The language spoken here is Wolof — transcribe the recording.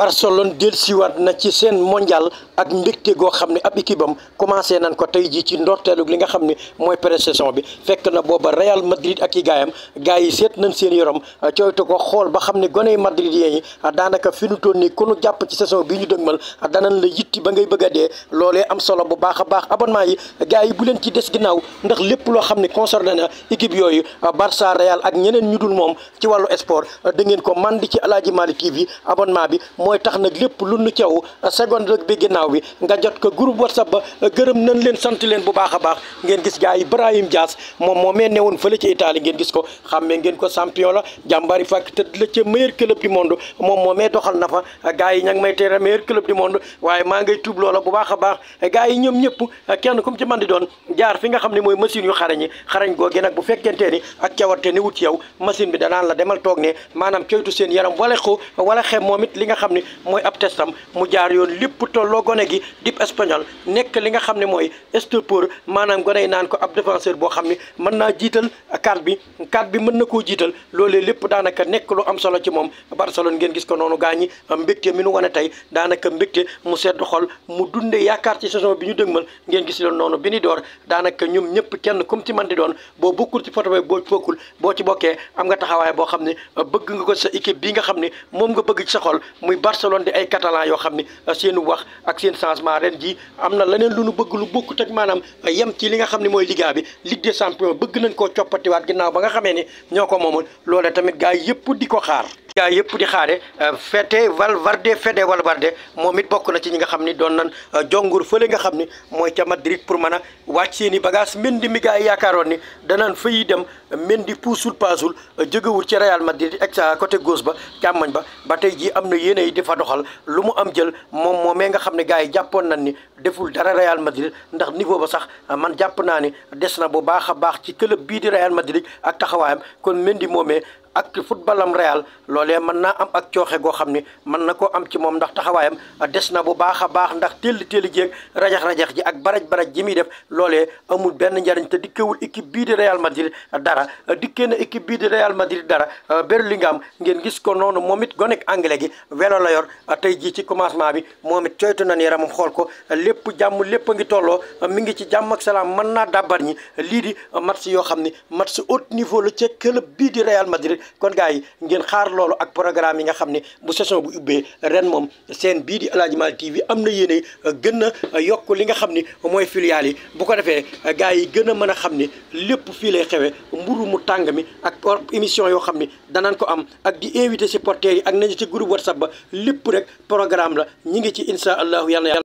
Barcelone dellusiwaat na ci seen mondial ak mbégte goo xam ne ab équipe am commencé nañ ko tey jii ci ndorteelu li nga xam ne mooy pré-saison bi fekk na booba Real Madrid ak i gaayam gaay yi seet nañ seen yorom cooytu ko xool ba xam ne goney Madrid yi daanaka fi ñu ton nii ku nu jàpp ci saison bi ñu dëgmal danañ la yitti ba ngay bëgg a dee loolee am solo bu baax a baax abonnement yi gaay yi bu leen ci des ginnaaw ndax lépp loo xam ne concerné na équipe yooyu Barça Real ak ñeneen ñu dul moom ci wàllu sport da ngeen ko man di ci Aladji Malick TV bi mooy tax nag lépp lu nu ceew seconde bi ginnaaw ba gërëm a baax ngeen gis gars yi Ibrahim Diaz moom moo mee newoon fële moom moo doxal na fa gars yi ña ngi may teere meilleur club du monde a kenn ku ci mën doon jaar fi nga xam ni mooy machine yu xarañi xarañ googi nag bu fekkentee ni ak cawarte ni wut ci yow bi danaan la demal toog ne maanaam coytu seen yaram wala xem moom li nga xam xam ne mooy ab testam mu jaar yoon lépp tolloo gone gi dip espagnol nekk li nga xam ne mooy stopeur maanaam gone yi naan ko ab défenseur boo xam ne mën naa jiital carte bi carte bi mën na koo jiital loolee lépp daanaka nekk lu am solo ci moom Barcelone ngeen gis ko noonu gaa ñi mbégte mi nu wane tey daanaka mbégte mu sedd xol mu dunde yaakaar ci saison bi ñu dëgmal ngeen gis leen noonu bi ni door daanaka ñoom ñëpp kenn comme ci man di doon boo bokkul ci photo bi boo bokkul boo bokkee am nga taxawaay boo xam ne bëgg nga ko sa bi nga xam ne moom nga bëgg ci sa xol Barcelone di ay catalan yoo xam ni euh, seen wax ak seen changement ren jii am na leneen lu ñu bëgg lu bokkut ak maanaam euh, yem ci li nga xam ne mooy Liga bi Ligue des champions bëgg nañ koo coppatiwaat ginnaaw ba nga xamee ni ñoo ko moomoon loole tamit gaa yëpp di ko xaar. gaa yëpp di xaare euh, fete Valverde fede Valverde moom it bokk na ci ñi nga xam ni doon nan euh, jongur fële nga xam ni mooy ca Madrid pour mën a wàcc seen i bagage Mendy mi gaa yi yaakaaroon ni danaan fay dem Mendy puusul paasul euh, jegewul ci Real Madrid exa côté gauche ba càmmoñ ba ba tey jii am na yéene yi dafa doxal lu mu am jël moom moomee nga xam ne gaa yi jàppoon nañ ni deful dara Real Madrid ndax niveau ba sax man jàpp naa ni des na bu baax a baax ci club bii di Real Madrid ak taxawaayam kon Mendy moomee ak footballam Real loolee mën naa am ak cooxe goo xam ni mën na koo am ci moom ndax taxawaayam des na bu baax a baax ndax téeli téeli jéeg rajax-rajax ji ak baraj-baraj ji muy def loole amul benn njariñ te dikkewul équipe bii di Real Madrid dara dikkee na équipe bii di Real Madrid dara Bellingham ngeen gis ko noonu moom it gonek anglais gi welo la yor tey jii ci commencement bi moom it coytu na ni yaramam xool ko lépp jàmm lépp a ngi tolloo mi ngi ci jàmm ak salaam mën naa dàbbar ñi lii di match yoo xam ni match haut niveau la ca club bii di Real Madrid kon gars yi ngeen xaar loolu ak programme yi nga xam ne bu saison bu ubbee ren moom seen bii di Aladji Malick TV am na yéene euh, gën a euh, yokk li nga xam ni mooy filiale yi bu ko defee euh, gars yi gën a mën a xam ni lépp fii lay xewee mburu mu tàng mi ak émission yoo xam ni danañ ko am ak di invité supporters yi ak nañu ci groupe WhatsApp ba lépp rek programme la ñi ngi ci incha allahu yàlla